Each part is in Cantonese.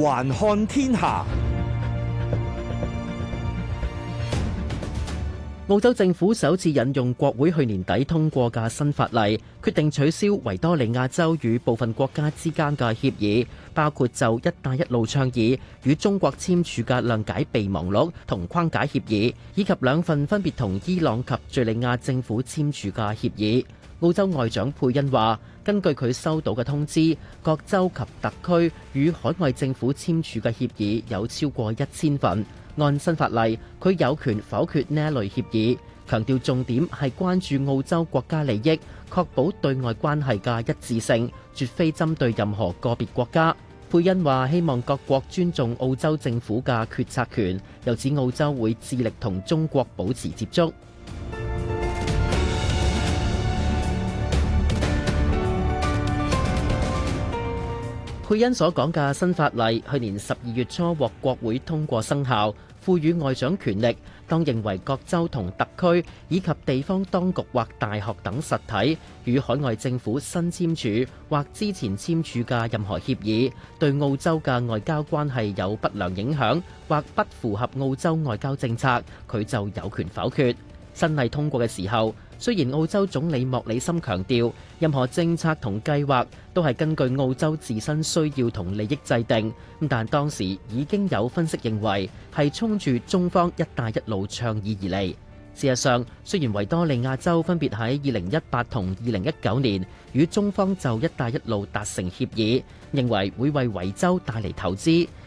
環看天下。澳洲政府首次引用國會去年底通過嘅新法例，決定取消維多利亞州與部分國家之間嘅協議，包括就“一帶一路”倡議與中國簽署嘅諒解備忘錄同框架協議，以及兩份分別同伊朗及敘利亞政府簽署嘅協議。澳洲外長佩恩話，根據佢收到嘅通知，各州及特區與海外政府簽署嘅協議有超過一千份。按新法例，佢有權否決呢一類協議。強調重點係關注澳洲國家利益，確保對外關係嘅一致性，絕非針對任何個別國家。佩恩話，希望各國尊重澳洲政府嘅決策權，由此澳洲會致力同中國保持接觸。佩恩所講嘅新法例去年十二月初獲國會通過生效，賦予外長權力，當認為各州同特區以及地方當局或大學等實體與海外政府新簽署或之前簽署嘅任何協議對澳洲嘅外交關係有不良影響，或不符合澳洲外交政策，佢就有權否決。新例通過嘅時候，雖然澳洲總理莫里森強調，任何政策同計劃都係根據澳洲自身需要同利益制定，咁但當時已經有分析認為係衝住中方「一帶一路」倡議而嚟。事實上，雖然維多利亞州分別喺二零一八同二零一九年與中方就「一帶一路」達成協議，認為會為維州帶嚟投資。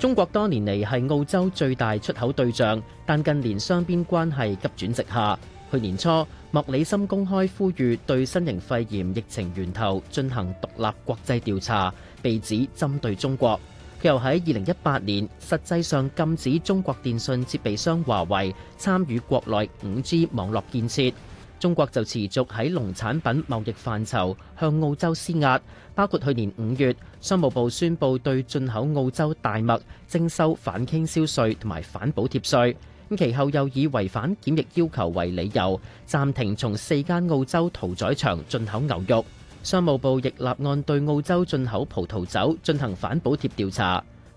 中國多年嚟係澳洲最大出口對象，但近年雙邊關係急轉直下。去年初，莫里森公開呼籲對新型肺炎疫情源頭進行獨立國際調查，被指針對中國。佢又喺二零一八年實際上禁止中國電信設備商華為參與國內五 G 網絡建設。中國就持續喺農產品貿易範疇向澳洲施壓，包括去年五月商務部宣布對進口澳洲大麥徵收反傾銷稅同埋反補貼稅，咁其後又以違反檢疫要求為理由，暫停從四間澳洲屠宰場進口牛肉。商務部亦立案對澳洲進口葡萄酒進行反補貼調查。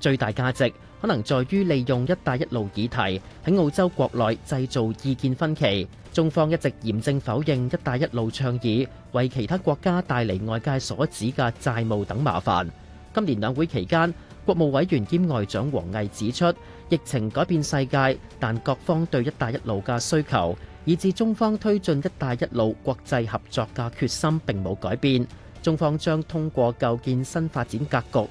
最大價值可能在於利用一帶一路議題，喺澳洲國內製造意見分歧，中方一直嚴正否認一帶一路倡議，為其他國家帶嚟外界所指的債務等麻煩。今年兩會期間，國務委員兼外長王毅指出，疫情改變世界，但各方對一帶一路的需求，以至中方推進一帶一路國際合作的決心並冇改變，中方將通過構建新發展格局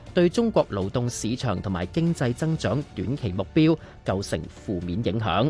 對中國勞動市場同埋經濟增長短期目標構成負面影響。